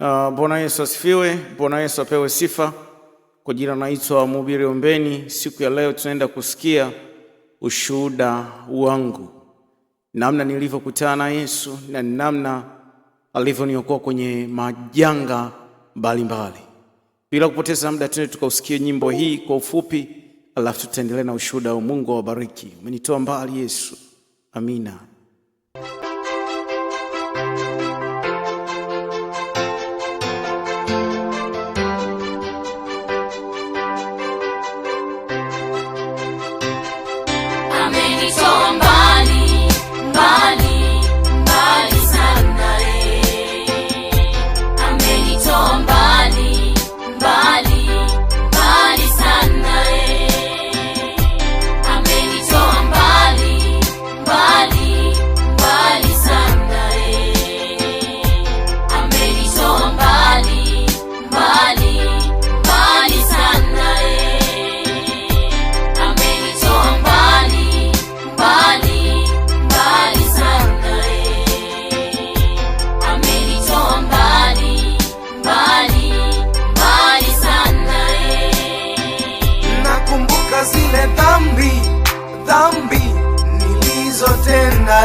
Ah, Bwana Yesu asifiwe. Bwana Yesu apewe sifa. Kwa jina naitwa Mhubiri Ombeni. Siku ya leo tunaenda kusikia ushuhuda wangu, namna nilivyokutana na Yesu na namna alivyoniokoa kwenye majanga mbalimbali. Bila kupoteza muda, tuende tukausikie nyimbo hii kwa ufupi, alafu tutaendelea na ushuhuda wa. Mungu awabariki. Umenitoa mbali Yesu, amina.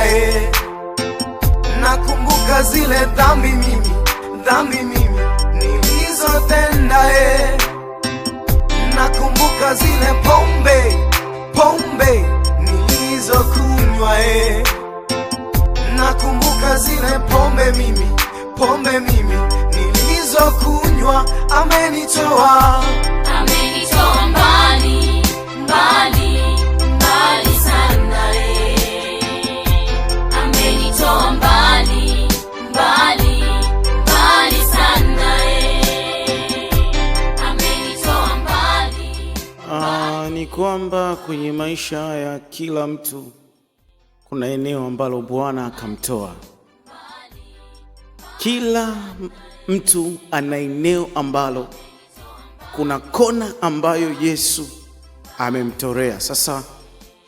naye. Eh. Nakumbuka zile dhambi mimi, dhambi mimi nilizotenda e. Nakumbuka zile pombe, pombe nilizokunywa e. Nakumbuka zile pombe mimi, pombe mimi nilizokunywa. Amenitoa, amenitoa mbali mbali kwamba kwenye maisha ya kila mtu kuna eneo ambalo Bwana akamtoa. Kila mtu ana eneo ambalo kuna kona ambayo Yesu amemtorea. Sasa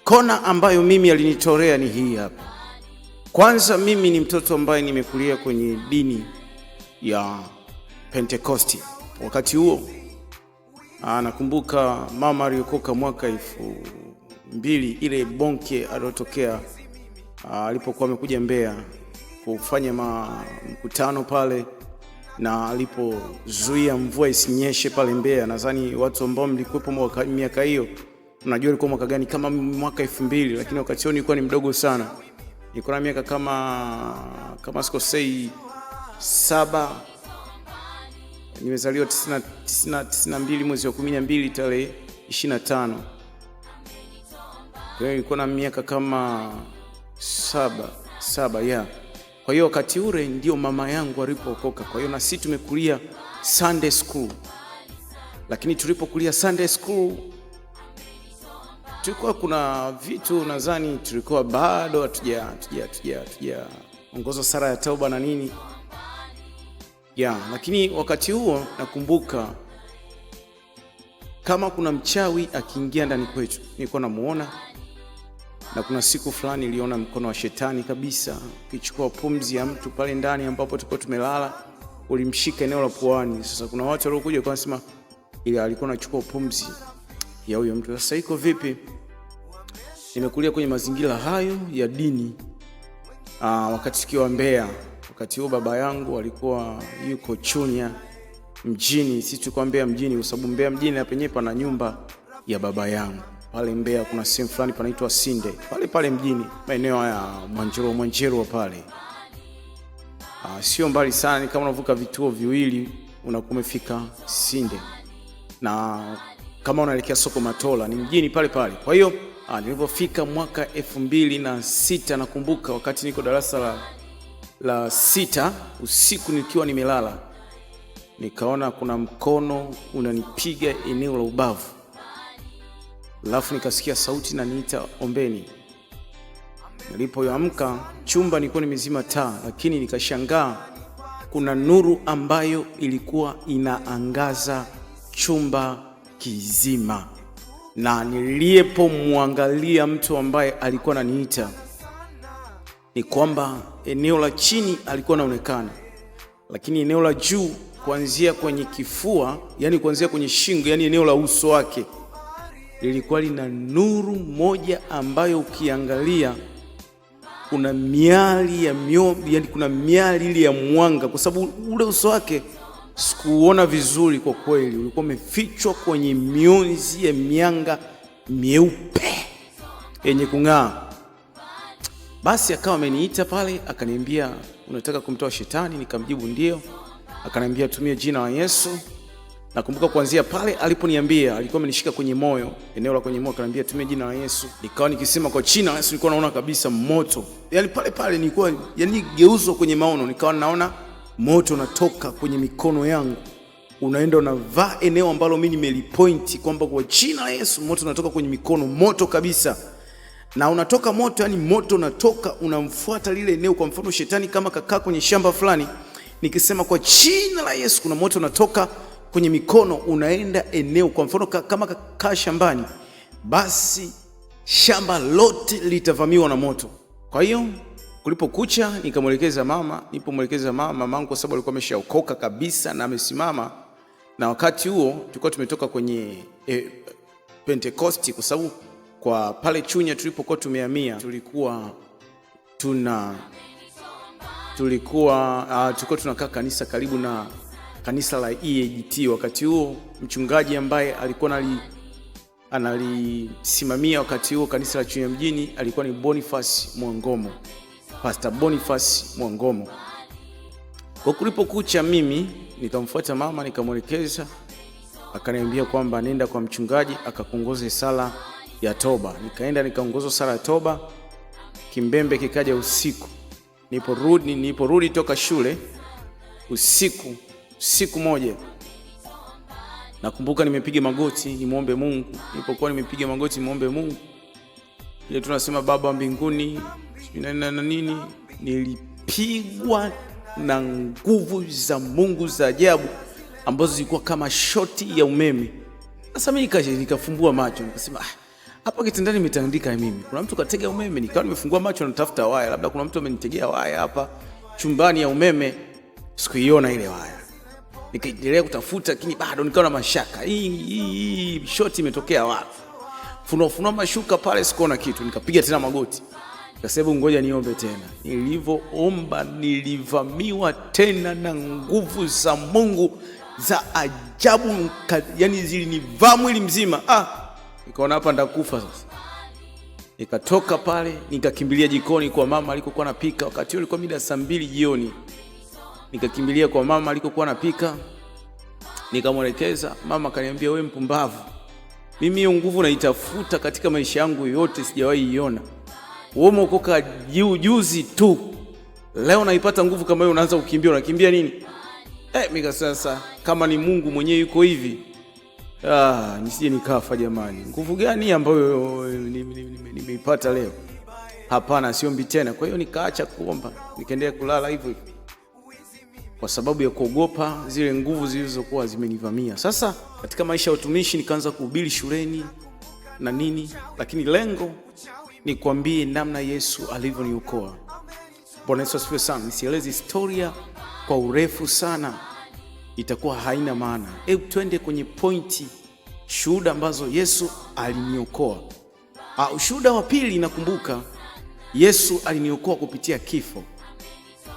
kona ambayo mimi alinitorea ni hii hapa. Kwanza mimi ni mtoto ambaye nimekulia kwenye dini ya Pentekosti. Wakati huo Ah, nakumbuka mama aliokoka mwaka elfu mbili ile bonke aliyotokea ah, alipokuwa amekuja Mbeya kufanya mkutano pale, na alipozuia mvua isinyeshe pale Mbeya. Nadhani watu ambao mlikuwepo miaka hiyo mnajua ilikuwa mwaka gani, kama mwaka elfu mbili, lakini wakati huo nilikuwa ni mdogo sana, nilikuwa na miaka kama kama sikosei saba nimezaliwa 92 mwezi wa 12 tarehe 25. Kwa hiyo nilikuwa na miaka kama saba saba ya yeah. Kwa hiyo wakati ule ndio mama yangu alipookoka. Kwa hiyo na sisi tumekulia Sunday school, lakini tulipokulia Sunday school tulikuwa kuna vitu nadhani tulikuwa bado hatuja hatuja hatuja sara ya tauba na nini ya lakini wakati huo nakumbuka kama kuna mchawi akiingia ndani kwetu, nilikuwa namuona, na kuna siku fulani niliona mkono wa shetani kabisa ukichukua pumzi ya mtu pale ndani ambapo tulikuwa tumelala, ulimshika eneo la puani. Sasa kuna watu waliokuja kwa sema ile alikuwa anachukua pumzi ya huyo mtu. Sasa iko vipi? Nimekulia kwenye mazingira hayo ya dini, aa, ah, wakati tukiwa Mbeya Wakati huo baba yangu alikuwa yuko Chunya mjini, sisi tulikuwa Mbeya mjini, kwa sababu Mbeya mjini na penyewe pana nyumba ya baba yangu pale Mbeya. Kuna sehemu fulani panaitwa Sinde pale pale mjini, maeneo ya Mwanjero Mwanjero pale, ah, sio mbali sana, ni kama unavuka vituo viwili unakuwa umefika Sinde, na kama unaelekea soko Matola ni mjini pale pale. Kwa hiyo ah, nilipofika mwaka elfu mbili na sita nakumbuka wakati niko darasa la la sita usiku nikiwa nimelala, nikaona kuna mkono unanipiga eneo la ubavu, alafu nikasikia sauti na niita ombeni. nilipoyamka chumba nilikuwa nimezima taa, lakini nikashangaa kuna nuru ambayo ilikuwa inaangaza chumba kizima, na niliyepomwangalia mtu ambaye alikuwa ananiita ni kwamba eneo la chini alikuwa anaonekana, lakini eneo la juu kuanzia kwenye kifua, yani kuanzia kwenye shingo, yani eneo la uso wake lilikuwa lina nuru moja ambayo ukiangalia kuna miali ya mio, yani kuna miali ile ya mwanga, kwa sababu ule uso wake sikuona vizuri kwa kweli, ulikuwa umefichwa kwenye mionzi ya mianga myeupe yenye kung'aa. Basi akawa ameniita pale, akaniambia unataka kumtoa shetani? Nikamjibu ndio. Akaniambia tumie jina la Yesu. Nakumbuka kuanzia pale aliponiambia, alikuwa amenishika kwenye moyo, eneo la kwenye moyo, akaniambia tumie jina la Yesu. Nikawa nikisema kwa jina la Yesu, nilikuwa naona kabisa moto, yani pale pale nilikuwa yani geuzwa kwenye maono, nikawa naona moto unatoka kwenye mikono yangu unaenda unavaa eneo ambalo mimi nimelipointi kwamba kwa jina la Yesu moto unatoka kwenye mikono, moto kabisa na unatoka moto, yani moto unatoka unamfuata lile eneo. Kwa mfano, shetani kama kakaa kwenye shamba fulani, nikisema kwa jina la Yesu kuna moto unatoka kwenye mikono unaenda eneo. Kwa mfano, kama kakaa shambani, basi shamba lote litavamiwa na moto. Kwa hiyo kulipokucha, nikamwelekeza mama, nipomwelekeza mama, mamangu kwa sababu alikuwa ameshaokoka kabisa na amesimama, na wakati huo tulikuwa tumetoka kwenye eh, Pentekosti kwa sababu kwa pale Chunya tulipokuwa tumehamia, tulikuwa tuna tulikuwa uh, tulikuwa tunakaa kanisa karibu na kanisa la EAGT. Wakati huo mchungaji ambaye alikuwa analisimamia wakati huo kanisa la Chunya mjini alikuwa ni Boniface Mwangomo, Pastor Boniface Mwangomo. Kwa kulipokucha, mimi nikamfuata mama nikamwelekeza, akaniambia kwamba nenda kwa mchungaji akakongoze sala ya toba, nikaenda nikaongozwa sala ya toba, kimbembe kikaja usiku. Niliporudi niliporudi toka shule usiku, siku moja nakumbuka nimepiga magoti nimwombe Mungu. Nilipokuwa nimepiga magoti nimwombe Mungu, ile tunasema baba mbinguni na nini, nilipigwa na nguvu za Mungu za ajabu ambazo zilikuwa kama shoti ya umeme. Sasa mimi nikafumbua macho nikasema ah, hapo kitandani nimetandika mimi, kuna mtu katega umeme, nikawa nimefungua macho natafuta waya, labda kuna mtu amenitegea waya hapa chumbani ya umeme. Sikuiona ile waya, nikaendelea kutafuta, lakini bado nikawa na mashaka, hii shoti imetokea wapi? Funua funua mashuka pale, sikuona kitu. Nikapiga tena magoti, kasebu ngoja niombe tena. Nilivyoomba nilivamiwa tena na nguvu za Mungu za ajabu, yani zilinivaa mwili mzima ah nikaona hapa ndakufa sasa. Nikatoka pale nikakimbilia jikoni kwa mama alikokuwa anapika, wakati ulikuwa mida saa mbili jioni. Nikakimbilia kwa mama alikokuwa anapika, nikamwelekeza. Mama kaniambia, we mpumbavu, mimi hiyo nguvu naitafuta katika maisha yangu yote, sijawahi iona. Wewe umeokoka juu juzi tu, leo naipata nguvu kama hiyo, unaanza kukimbia, unakimbia nini? Eh, mika sasa, kama ni Mungu mwenyewe yuko hivi Ah, nisije nikafa jamani. Nguvu gani ambayo eh, nimeipata leo? Hapana, siombi tena. Kwa hiyo nikaacha kuomba, nikaendelea kulala hivyo hivyo kwa sababu ya kuogopa zile nguvu zilizokuwa zimenivamia. Sasa katika maisha ya utumishi nikaanza kuhubiri shuleni na nini, lakini lengo ni kuambie namna Yesu alivyoniokoa. Bwana Yesu asifiwe sana. Nisieleze historia kwa urefu sana itakuwa haina maana. Hebu twende kwenye pointi, shuhuda ambazo Yesu aliniokoa. Ah, ushuhuda wa pili, nakumbuka Yesu aliniokoa kupitia kifo.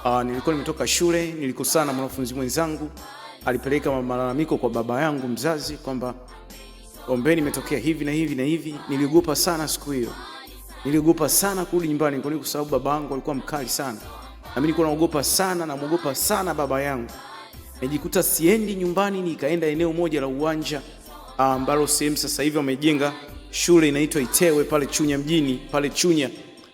Ah, nilikuwa nimetoka shule, nilikosana na mwanafunzi mwenzangu, alipeleka malalamiko kwa baba yangu mzazi kwamba ombeni, imetokea hivi na hivi na hivi. Niliogopa sana siku hiyo, niliogopa sana kurudi nyumbani, kwa sababu baba yangu alikuwa mkali sana, na mimi nilikuwa naogopa sana, namwogopa sana baba yangu. Nijikuta siendi nyumbani, nikaenda eneo moja la uwanja ah, ambalo sehemu sasa hivi wamejenga shule inaitwa Itewe pale Chunya mjini. Pale Chunya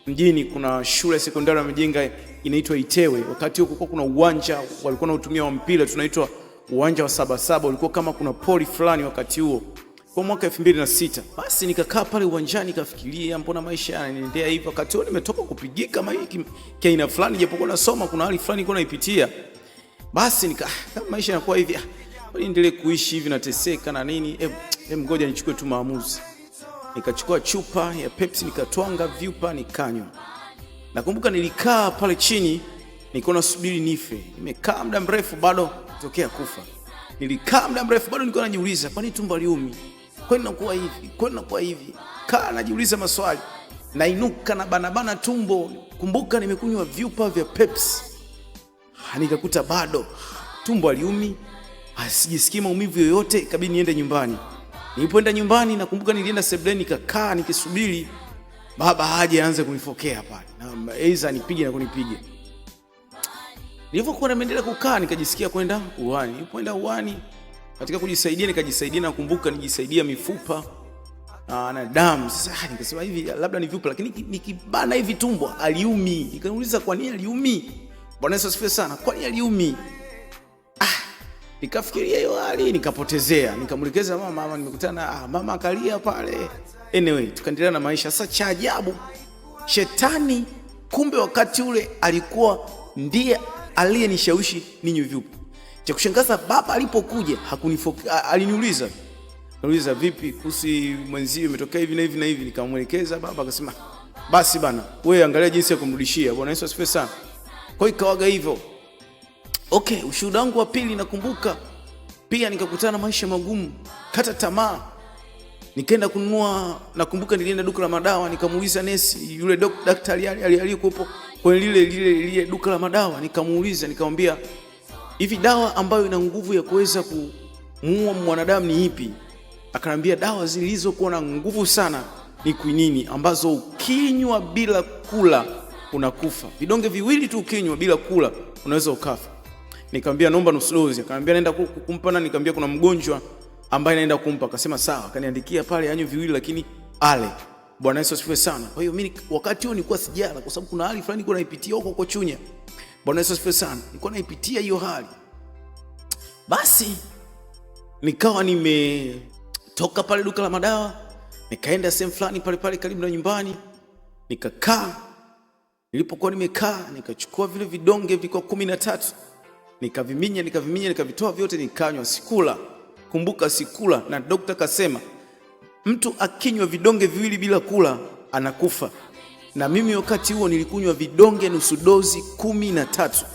mjini kuna shule ya sekondari wamejenga inaitwa Itewe. Wakati huo kulikuwa kuna uwanja walikuwa wanatumia wa mpira tunaitwa uwanja wa Sabasaba, ulikuwa kama kuna poli fulani wakati huo kwa mwaka na sita. Basi nikakaa pale uwanjani nikafikiria, mbona maisha yanaendelea hivi? Wakati huo nimetoka kupigika maiki kaina fulani, japokuwa nasoma, kuna hali fulani nilikuwa naipitia. Basi nika kama ah, maisha yanakuwa hivi, ah. niendelee kuishi hivi nateseka na nini, em, ngoja nichukue tu maamuzi. Nikachukua chupa ya Pepsi nikatwanga vyupa nikanywa. Nakumbuka nilikaa pale chini nilikuwa nasubiri nife. Nimekaa muda mrefu bado tokea kufa. Nilikaa muda mrefu bado nilikuwa najiuliza kwa nini tumbo liumi? Kwa nini nakuwa hivi? Kwa nini nakuwa hivi? Kaa najiuliza maswali. Nainuka na banabana tumbo. Kumbuka nimekunywa vyupa vya Pepsi nikakuta bado tumbo aliumi, asijisikii maumivu yoyote, ikabidi niende nyumbani. Nilipoenda nyumbani, nakumbuka nilienda sebuleni nikakaa nikisubiri baba aje aanze kunifokea pale na aidha anipige na kunipige. Nilivyokuwa naendelea kukaa, nikajisikia kwenda uani. Nilipoenda uani, katika kujisaidia, nikajisaidia, nakumbuka nijisaidia mifupa na damu. Sasa ah, nikasema hivi labda ni vipi, lakini nikibana hivi tumbo aliumi. Nikauliza kwa nini aliumi? Bwana Yesu asifiwe sana. Kwani aliumi? Ah, nikafikiria hiyo hali nikapotezea, nikamwelekeza mama, mama nimekutana, ah, mama akalia pale. Anyway, tukaendelea na maisha. Sasa cha ajabu, shetani kumbe wakati ule alikuwa ndiye aliyenishawishi ninyi vyupo. Cha kushangaza, baba alipokuja hakunifoka, aliniuliza Nauliza vipi kusi mwenzio imetokea hivi na hivi na hivi. Nikamwelekeza baba, akasema basi bana, wewe angalia jinsi ya kumrudishia. Bwana Yesu asifiwe sana. Kwa hiyo ikawaga hivyo. Okay, ushuhuda wangu wa pili nakumbuka pia nikakutana maisha magumu, kata tamaa. Nikaenda kununua, nakumbuka nilienda duka la madawa, nikamuuliza nesi yule dok, daktari aliyekuwepo kwenye lile lile lile duka la madawa, nikamuuliza nikamwambia, hivi dawa ambayo ina nguvu ya kuweza kumuua mwanadamu ni ipi? akanambia dawa zilizokuwa na nguvu sana ni kwinini, ambazo ukinywa bila kula unakufa. Vidonge viwili tu ukinywa bila kula unaweza ukafa. Nikamwambia naomba nusu dozi, akamwambia naenda kumpa nani? Nikamwambia kuna mgonjwa ambaye naenda kumpa. Akasema sawa, akaniandikia pale anywe viwili lakini ale. Bwana Yesu asifiwe sana. Kwa hiyo mimi wakati huo nilikuwa sijala kwa sababu kuna hali fulani nilikuwa naipitia huko kwa Chunya. Bwana Yesu asifiwe sana. Nilikuwa naipitia hiyo hali. Basi nikawa nimetoka pale duka la madawa, nikaenda sehemu fulani pale pale karibu na nyumbani, nikakaa Nilipokuwa nimekaa nikachukua vile vidonge viko kumi na tatu nikaviminya nikaviminya nikavitoa vyote nikanywa, sikula. Kumbuka sikula, na dokta kasema mtu akinywa vidonge viwili bila kula anakufa, na mimi wakati huo nilikunywa vidonge nusu dozi kumi na tatu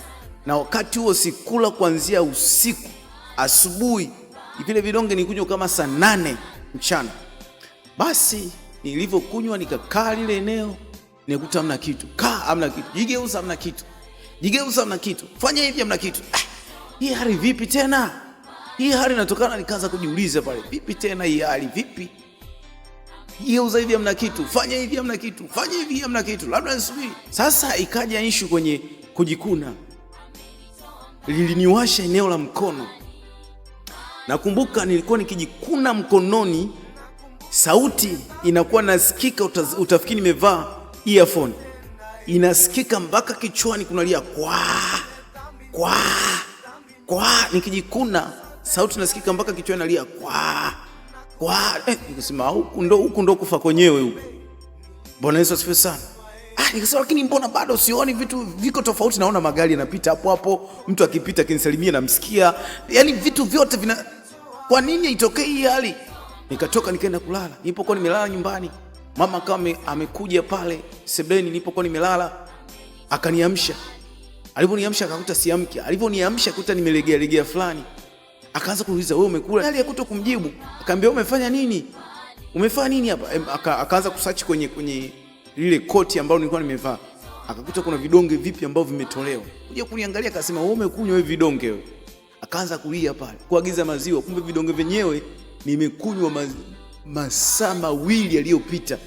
na wakati huo sikula kuanzia usiku. Asubuhi vile vidonge nilikunywa kama saa nane mchana. Basi nilivyokunywa nikakaa lile eneo nikuta amna kitu, kaa amna kitu, jigeuza amna kitu, jigeuza amna kitu, fanya hivi amna kitu. Ah, hii hali vipi tena? Hii hali inatokana, nikaanza kujiuliza pale, vipi tena hii hali vipi? Jigeuza hivi amna kitu, fanya hivi amna kitu, fanya hivi amna kitu, labda nisubiri. Sasa ikaja ishu kwenye kujikuna, liliniwasha eneo la mkono. Nakumbuka nilikuwa nikijikuna mkononi, sauti inakuwa nasikika, utafikiri nimevaa earphone inasikika mpaka kichwani, kunalia kwa kwa kwa, nikijikuna sauti nasikika mpaka kichwani, nalia kwa kwa, eh, nikasema ah, huku ndo huku ndo kufa kwenyewe huku. Bwana Yesu asifiwe sana. Ah, nikasema lakini mbona bado sioni vitu viko tofauti? Naona magari yanapita hapo hapo, mtu akipita akinisalimia namsikia, yani vitu vyote vina, kwa nini itokee hii hali? Nikatoka nikaenda kulala, nilipokuwa nimelala nyumbani mama kama amekuja pale sebleni nilipokuwa nimelala, akaniamsha. Aliponiamsha akakuta siamki, aliponiamsha akakuta nimelegea legea fulani, akaanza kuniuliza wewe umekula? Hali ya kuto kumjibu, akaambia umefanya nini, umefanya nini hapa? Akaanza kusearch kwenye kwenye lile koti ambalo nilikuwa nimevaa, akakuta kuna vidonge vipi ambavyo vimetolewa. Kuja kuniangalia akasema wewe umekunywa hivi vidonge wewe? Akaanza kulia pale, kuagiza maziwa, kumbe vidonge vyenyewe nimekunywa maziwa masaa mawili yaliyopita.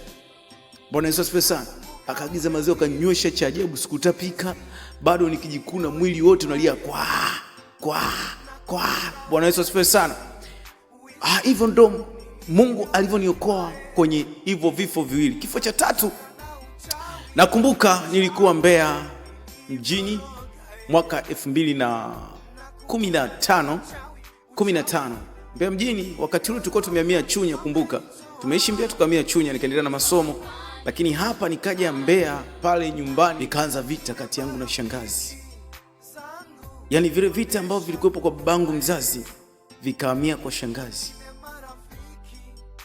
Bwana Yesu asifiwe sana. Akaagiza maziwa akanywesha, cha ajabu sikutapika, bado nikijikuna mwili wote unalia kwa kwa kwa. Bwana Yesu asifiwe sana. Ah, hivyo ndo Mungu alivyoniokoa kwenye hivyo vifo viwili. Kifo cha tatu nakumbuka nilikuwa Mbeya mjini mwaka na tano Mbeya mjini wakati ule tulikuwa tumehamia Chunya, kumbuka tumeishi Mbeya tukahamia Chunya, nikaendelea na masomo, lakini hapa nikaja Mbeya pale nyumbani, nikaanza vita kati yangu na shangazi, yaani vile vita ambavyo vilikuwepo kwa babangu mzazi vikahamia kwa shangazi.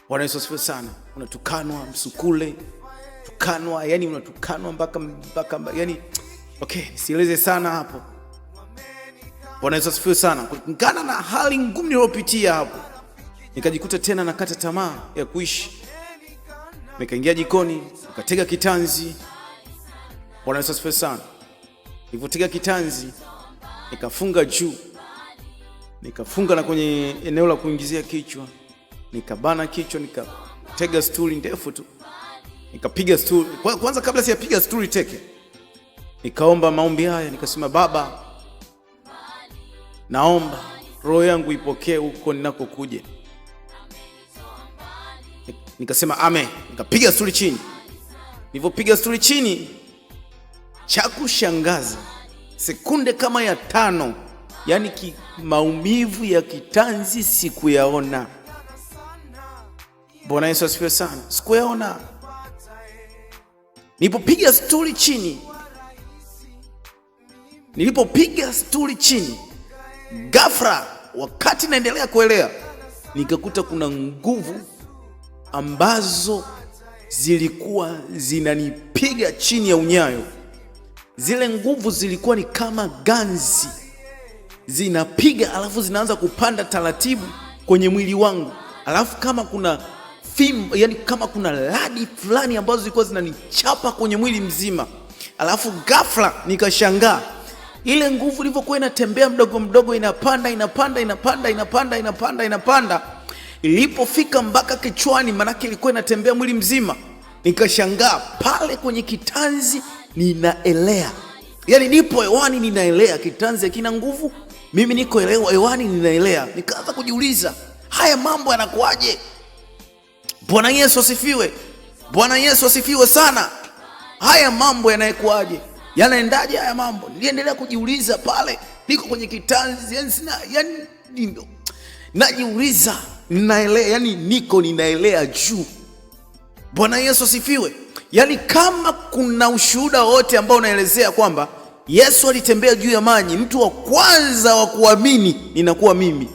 Bwana Yesu asifiwe sana. Unatukanwa msukule, tukanwa, yani unatukanwa mpaka mpaka, yani okay, sieleze sana hapo. Bwana Yesu asifiwe sana. Kulingana na hali ngumu niliyopitia hapo, nikajikuta tena nakata tamaa ya kuishi, nikaingia jikoni nikatega kitanzi. Bwana Yesu asifiwe sana. Nilipotega kitanzi nikafunga juu, nikafunga na kwenye eneo la kuingizia kichwa, nikabana kichwa, nikatega sturi ndefu tu, nikapiga sturi kwanza. Kabla sijapiga sturi teke, nikaomba maombi haya, nikasema Baba Naomba roho yangu ipokee huko ninakokuja. Nikasema amen, nikapiga stuli chini. nilipopiga stuli chini, cha kushangaza, sekunde kama ya tano, yaani ki, maumivu ya kitanzi sikuyaona. Bwana Yesu asifiwe sana, sikuyaona. Nilipopiga stuli chini, nilipopiga stuli chini ghafla, wakati naendelea kuelea, nikakuta kuna nguvu ambazo zilikuwa zinanipiga chini ya unyayo. Zile nguvu zilikuwa ni kama ganzi zinapiga, alafu zinaanza kupanda taratibu kwenye mwili wangu, alafu kama kuna fim, yani kama kuna radi fulani ambazo zilikuwa zinanichapa kwenye mwili mzima, alafu ghafla nikashangaa ile nguvu ilivyokuwa inatembea mdogo mdogo, inapanda inapanda inapanda inapanda inapanda inapanda, ilipofika mpaka kichwani, manake ilikuwa inatembea mwili mzima. Nikashangaa pale kwenye kitanzi ninaelea, yani nipo hewani ninaelea, kitanzi hakina nguvu, mimi niko elewa hewani ninaelea. Nikaanza kujiuliza haya mambo yanakuwaje? Bwana Yesu asifiwe! Bwana Yesu asifiwe sana! Haya mambo yanaekuwaje? yanaendaje haya mambo? Niliendelea kujiuliza pale, niko kwenye kitanzi yani sina yani, najiuliza ninaelea, yani niko ninaelea juu. Bwana Yesu asifiwe. Yani kama kuna ushuhuda wote ambao unaelezea kwamba Yesu alitembea juu ya maji, mtu wa kwanza wa kuamini ninakuwa mimi,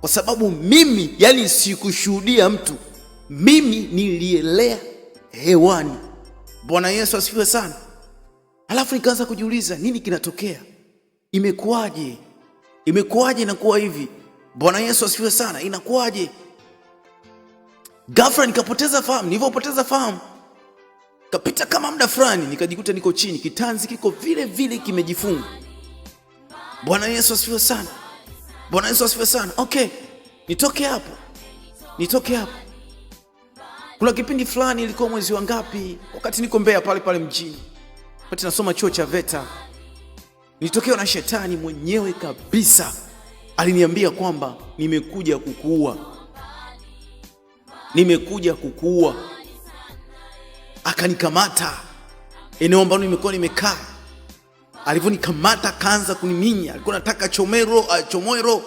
kwa sababu mimi yani sikushuhudia mtu, mimi nilielea hewani. Bwana Yesu asifiwe sana. Alafu nikaanza kujiuliza nini kinatokea, imekuwaje? Imekuwaje inakuwa hivi? Bwana Yesu asifiwe sana, inakuwaje? Ghafla nikapoteza fahamu. Nilivyopoteza fahamu, kapita kama muda fulani, nikajikuta niko chini, kitanzi kiko vile vile kimejifunga. Bwana Yesu asifiwe sana, Bwana Yesu asifiwe sana. Okay, nitoke hapo, nitoke hapo. Kuna kipindi fulani, ilikuwa mwezi wa ngapi, wakati niko Mbeya pale pale mjini wakati nasoma chuo cha VETA nilitokewa na shetani mwenyewe kabisa. Aliniambia kwamba nimekuja kukuua, nimekuja kukuua. Akanikamata eneo ambalo nimekuwa nimekaa. Alivyonikamata akaanza kuniminya, alikuwa nataka chomero ah, chomwero.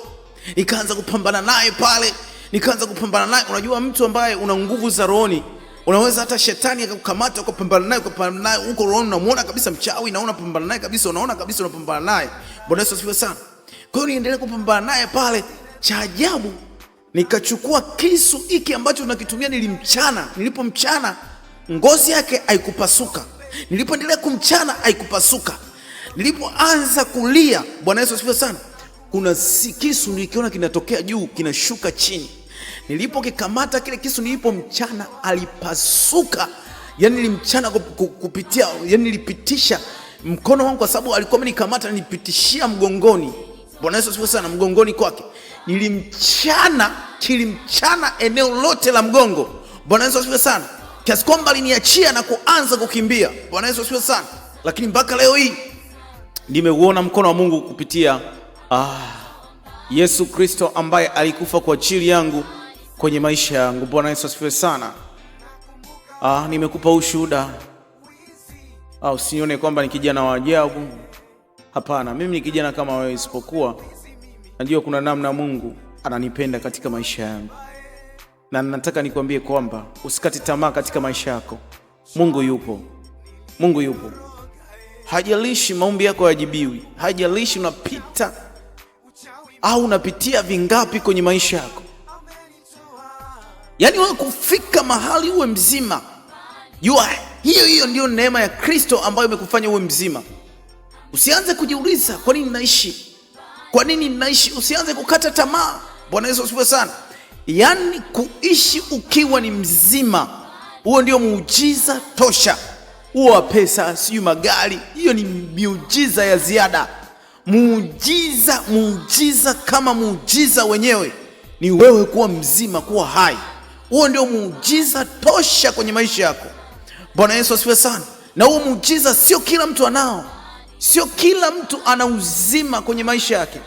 Nikaanza kupambana naye pale, nikaanza kupambana naye. Unajua, mtu ambaye una nguvu za rohoni Unaweza hata shetani akakukamata ukapambana naye ukapambana naye huko roho, unamuona kabisa mchawi na unapambana naye kabisa, unaona kabisa unapambana naye. Bwana Yesu asifiwe sana. Kwa hiyo niendelee kupambana naye pale, cha ajabu nikachukua kisu hiki ambacho nakitumia, nilimchana. Nilipomchana ngozi yake haikupasuka, nilipoendelea kumchana haikupasuka. Nilipoanza kulia, Bwana Yesu asifiwe sana, kuna kisu nilikiona kinatokea juu kinashuka chini Nilipokikamata kile kisu, nilipo mchana alipasuka, yani nilimchana kupitia, yani nilipitisha mkono wangu, kwa sababu alikuwa amenikamata, nilipitishia mgongoni. Bwana Yesu asifiwe sana, mgongoni kwake nilimchana, kilimchana eneo lote la mgongo. Bwana Yesu asifiwe sana, kiasi kwamba aliniachia na kuanza kukimbia. Bwana Yesu asifiwe sana, lakini mpaka leo hii nimeuona mkono wa Mungu kupitia ah, Yesu Kristo ambaye alikufa kwa ajili yangu kwenye maisha yangu. Bwana Yesu asifiwe sana. Ah, nimekupa ushuhuda. Ah, usinione kwamba ni kijana wa ajabu. Hapana, mimi ni kijana kama wewe, isipokuwa najua kuna namna Mungu ananipenda katika maisha yangu, na nataka nikwambie kwamba usikate tamaa katika maisha yako. Mungu yupo, Mungu yupo. Hajalishi maombi yako hayajibiwi, hajalishi unapita au unapitia vingapi kwenye maisha yako Yaani wewe kufika mahali uwe mzima, jua hiyo hiyo ndiyo neema ya Kristo ambayo imekufanya uwe mzima. Usianze kujiuliza kwa nini naishi, kwa nini naishi. Usianze kukata tamaa. Bwana Yesu asifiwe sana. Yaani kuishi ukiwa ni mzima, huo ndio muujiza tosha. Huo wa pesa, sijui magari, hiyo ni miujiza ya ziada. Muujiza, muujiza kama muujiza wenyewe ni wewe kuwa mzima, kuwa hai. Huo ndio muujiza tosha kwenye maisha yako. Bwana Yesu asifiwe sana. Na huo muujiza sio kila mtu anao, sio kila mtu ana uzima kwenye maisha yake.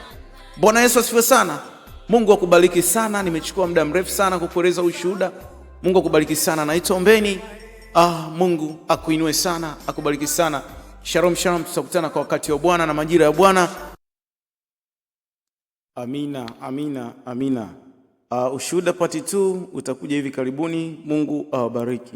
Bwana Yesu asifiwe sana. Mungu akubariki sana. Nimechukua muda mrefu sana kukueleza ushuhuda. Mungu akubariki sana. Naitwa Ombeni. Ah, Mungu akuinue sana, akubariki sana. Shalom, shalom. Tutakutana kwa wakati wa Bwana na majira ya Bwana. Amina, amina, amina. Uh, ushuhuda part 2 utakuja hivi karibuni. Mungu awabariki.